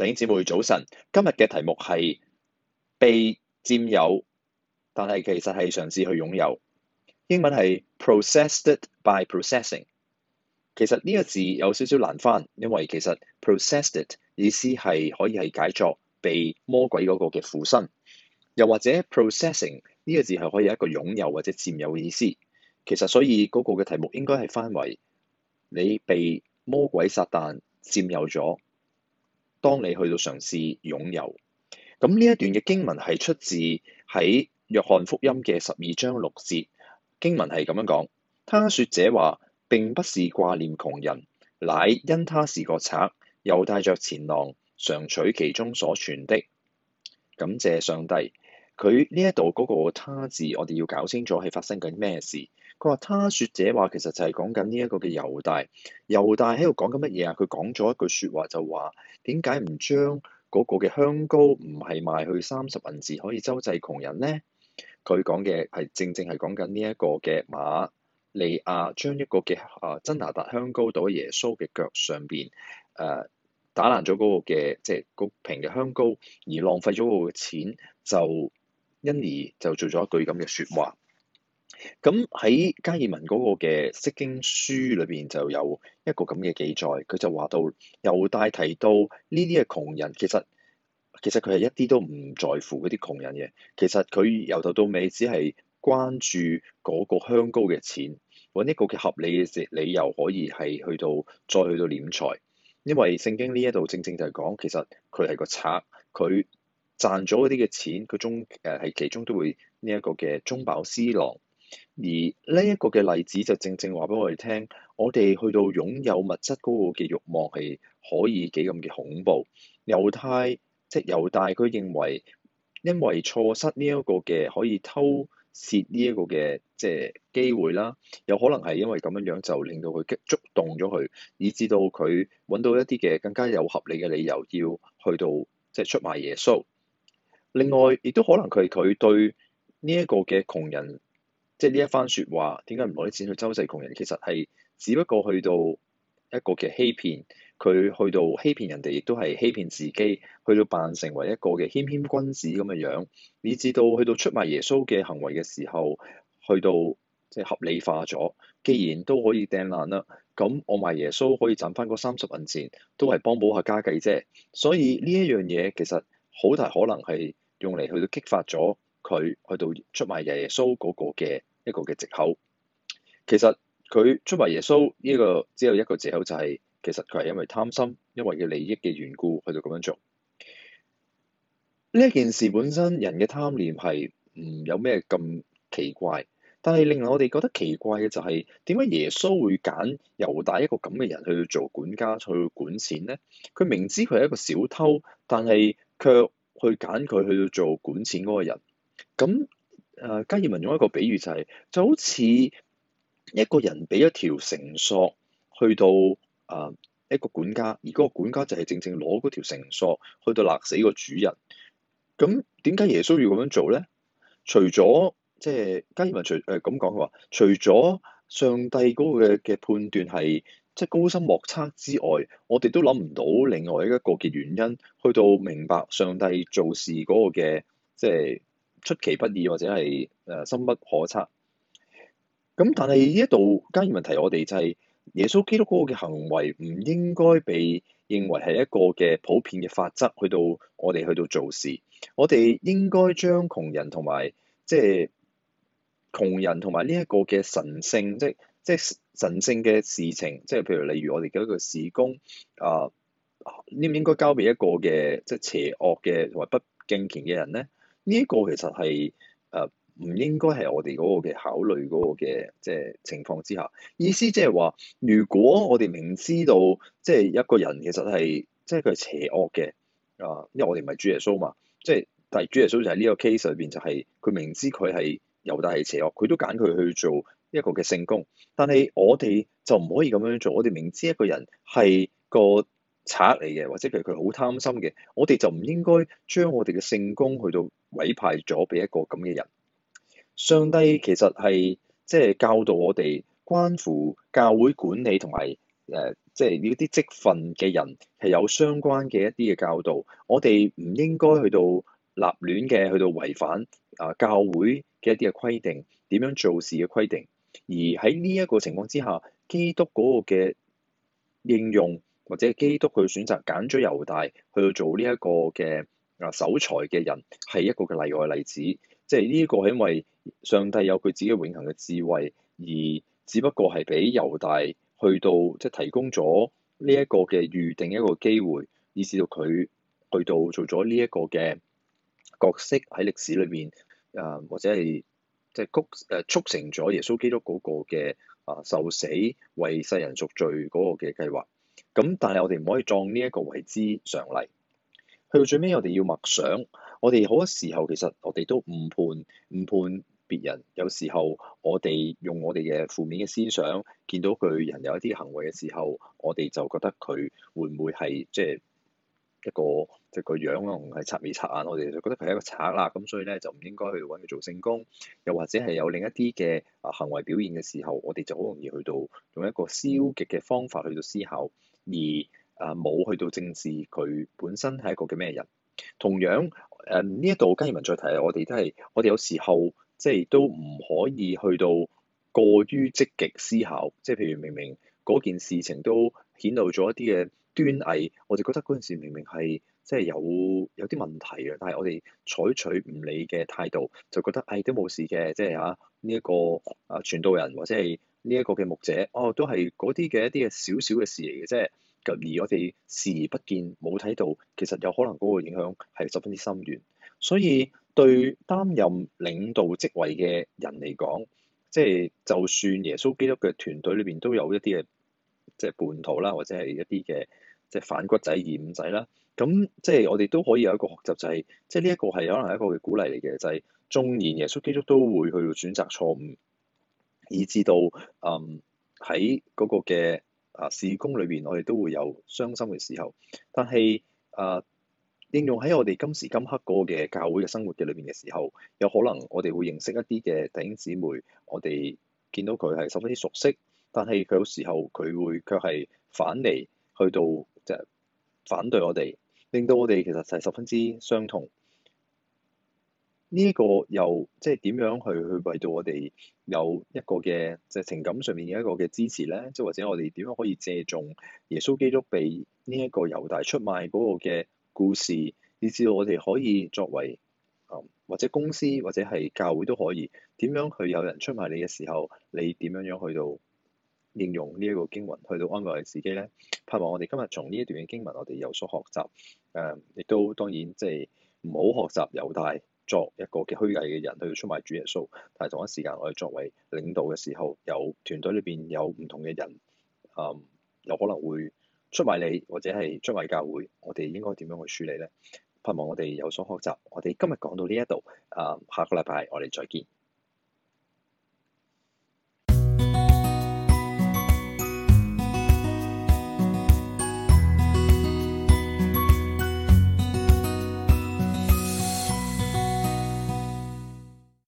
弟兄姊妹早晨，今日嘅題目係被佔有，但係其實係嘗試去擁有。英文係 possessed by possessing。其實呢一個字有少少難翻，因為其實 possessed 意思係可以係解作被魔鬼嗰個嘅附身，又或者 possessing 呢個字係可以有一個擁有或者佔有嘅意思。其實所以嗰個嘅題目應該係翻為你被魔鬼撒旦佔有咗。當你去到嘗試擁有，咁呢一段嘅經文係出自喺約翰福音嘅十二章六節，經文係咁樣講：他說這話並不是掛念窮人，乃因他是個賊，又帶着錢囊，常取其中所存的，感謝上帝。佢呢一度嗰個他字，我哋要搞清楚係發生緊咩事。佢話他説者話，其實就係講緊呢一個嘅猶大。猶大喺度講緊乜嘢啊？佢講咗一句説話就話：點解唔將嗰個嘅香膏唔係賣去三十銀子可以周濟窮人呢？佢講嘅係正正係講緊呢一個嘅馬利亞將一個嘅啊真哪噠香膏倒喺耶穌嘅腳上邊，誒打爛咗嗰個嘅即係個瓶嘅香膏，而浪費咗個錢就。因而就做咗一句咁嘅説話。咁喺加爾文嗰個嘅《釋經書》裏邊就有一個咁嘅記載，佢就話到猶大提到呢啲嘅窮人，其實其實佢係一啲都唔在乎嗰啲窮人嘅，其實佢由頭到尾只係關注嗰個香膏嘅錢，揾一個嘅合理嘅理由可以係去到再去到斂財，因為聖經呢一度正正就係講其實佢係個賊，佢。賺咗嗰啲嘅錢，佢中誒係、呃、其中都會呢一個嘅中飽私囊。而呢一個嘅例子就正正話俾我哋聽，我哋去到擁有物質嗰個嘅慾望係可以幾咁嘅恐怖。猶太，即係猶大，佢認為因為錯失呢一個嘅可以偷竊呢一個嘅即係機會啦，有可能係因為咁樣樣就令到佢激觸動咗佢，以致到佢揾到一啲嘅更加有合理嘅理由要去到即係、就是、出賣耶穌。另外，亦都可能佢係佢對呢一個嘅窮人，即係呢一番說話，點解唔攞啲錢去周濟窮人？其實係只不過去到一個嘅欺騙，佢去到欺騙人哋，亦都係欺騙自己，去到扮成為一個嘅謙謙君子咁嘅樣，以至到去到出賣耶穌嘅行為嘅時候，去到即係合理化咗。既然都可以掟爛啦，咁我賣耶穌可以賺翻嗰三十蚊錢都係幫補下家計啫。所以呢一樣嘢其實好大可能係用嚟去到激發咗佢去到出賣耶穌嗰個嘅一個嘅藉口，其實佢出賣耶穌呢個只有一個藉口，就係其實佢係因為貪心，因為嘅利益嘅緣故去到咁樣做。呢件事本身人嘅貪念係唔有咩咁奇怪，但係令我哋覺得奇怪嘅就係點解耶穌會揀猶大一個咁嘅人去做管家去管錢呢？佢明知佢係一個小偷，但係卻。去揀佢去到做管錢嗰個人，咁誒加爾文用一個比喻就係、是，就好似一個人俾一條繩索去到誒、呃、一個管家，而嗰個管家就係正正攞嗰條繩索去到勒死個主人。咁點解耶穌要咁樣做咧？除咗即係加爾文除誒咁講佢話，除咗上帝嗰個嘅嘅判斷係。即係高深莫測之外，我哋都諗唔到另外一個嘅原因，去到明白上帝做事嗰個嘅即係出其不意或者係誒深不可測。咁但係呢一度關鍵問題我、就是，我哋就係耶穌基督嗰個嘅行為唔應該被認為係一個嘅普遍嘅法則去到我哋去到做事，我哋應該將窮人同埋即係窮人同埋呢一個嘅神聖，即係即係。神聖嘅事情，即係譬如例如我哋嘅一個事工啊，應唔應該交俾一個嘅即係邪惡嘅同埋不敬虔嘅人咧？呢、這、一個其實係誒唔應該係我哋嗰個嘅考慮嗰個嘅即係情況之下，意思即係話，如果我哋明知道即係、就是、一個人其實係即係佢係邪惡嘅啊，因為我哋唔係主耶穌嘛，即、就、係、是、但係主耶穌就喺呢個 case 裏邊就係、是、佢明知佢係猶大係邪惡，佢都揀佢去做。一個嘅聖工，但係我哋就唔可以咁樣做。我哋明知一個人係個賊嚟嘅，或者係佢好貪心嘅，我哋就唔應該將我哋嘅聖工去到委派咗俾一個咁嘅人。上帝其實係即係教導我哋關乎教會管理同埋誒，即係呢啲職份嘅人係有相關嘅一啲嘅教導。我哋唔應該去到立亂嘅去到違反啊教會嘅一啲嘅規定，點樣做事嘅規定。而喺呢一個情況之下，基督嗰個嘅應用，或者基督佢選擇揀咗猶大去到做呢一個嘅啊守財嘅人，係一個嘅例外例子。即係呢一個係因為上帝有佢自己永恆嘅智慧，而只不過係俾猶大去到即係、就是、提供咗呢一個嘅預定一個機會，以至到佢去到做咗呢一個嘅角色喺歷史裏面，啊，或者係。即係促成咗耶穌基督嗰個嘅啊受死為世人贖罪嗰個嘅計劃。咁但係我哋唔可以撞呢一個為之常例。去到最尾，我哋要默想。我哋好多時候其實我哋都誤判誤判別人。有時候我哋用我哋嘅負面嘅思想，見到佢人有一啲行為嘅時候，我哋就覺得佢會唔會係即係一個。即係個樣可能係賊眉賊眼，我哋就覺得佢係一個賊啦。咁所以咧就唔應該去揾佢做聖工，又或者係有另一啲嘅啊行為表現嘅時候，我哋就好容易去到用一個消極嘅方法去到思考，而啊冇去到正視佢本身係一個嘅咩人。同樣誒呢一度，金、呃、業文再提，我哋都係我哋有時候即係、就是、都唔可以去到過於積極思考，即、就、係、是、譬如明明嗰件事情都顯露咗一啲嘅端倪，我哋覺得嗰陣時明明係。即係有有啲問題嘅，但係我哋採取唔理嘅態度，就覺得唉、哎，都冇事嘅，即係嚇呢一個啊傳道人或者係呢一個嘅牧者，哦、啊、都係嗰啲嘅一啲嘅少少嘅事嚟嘅。即係而我哋視而不見，冇睇到其實有可能嗰個影響係十分之深遠，所以對擔任領導職位嘅人嚟講，即係就算耶穌基督嘅團隊裏邊都有一啲嘅即係叛徒啦，或者係一啲嘅。即係反骨仔、二五仔啦，咁即係我哋都可以有一個學習，就係、是、即係呢一個係可能係一個嘅鼓勵嚟嘅，就係、是、縱然耶穌基督都會去到選擇錯誤，以至到嗯喺嗰個嘅啊事工裏邊，我哋都會有傷心嘅時候。但係啊、嗯，應用喺我哋今時今刻嗰個嘅教會嘅生活嘅裏邊嘅時候，有可能我哋會認識一啲嘅弟兄姊妹，我哋見到佢係十分之熟悉，但係佢有時候佢會卻係反嚟去到。就係反對我哋，令到我哋其實就係十分之傷痛。呢、這個又即係點樣去去為到我哋有一個嘅就係、是、情感上面嘅一個嘅支持咧？即、就、係、是、或者我哋點樣可以借重耶穌基督被呢一個猶大出賣嗰個嘅故事，以至我哋可以作為或者公司或者係教會都可以，點樣去有人出賣你嘅時候，你點樣樣去到？應用呢一個經文去到安慰我自己咧，盼望我哋今日從呢一段嘅經文，我哋有所學習。誒、嗯，亦都當然即係唔好學習猶大作一個嘅虛偽嘅人要出賣主耶穌。但係同一時間，我哋作為領導嘅時候，有團隊裏邊有唔同嘅人，誒、嗯，有可能會出賣你或者係出賣教會，我哋應該點樣去處理咧？盼望我哋有所學習。我哋今日講到呢一度，誒、嗯，下個禮拜我哋再見。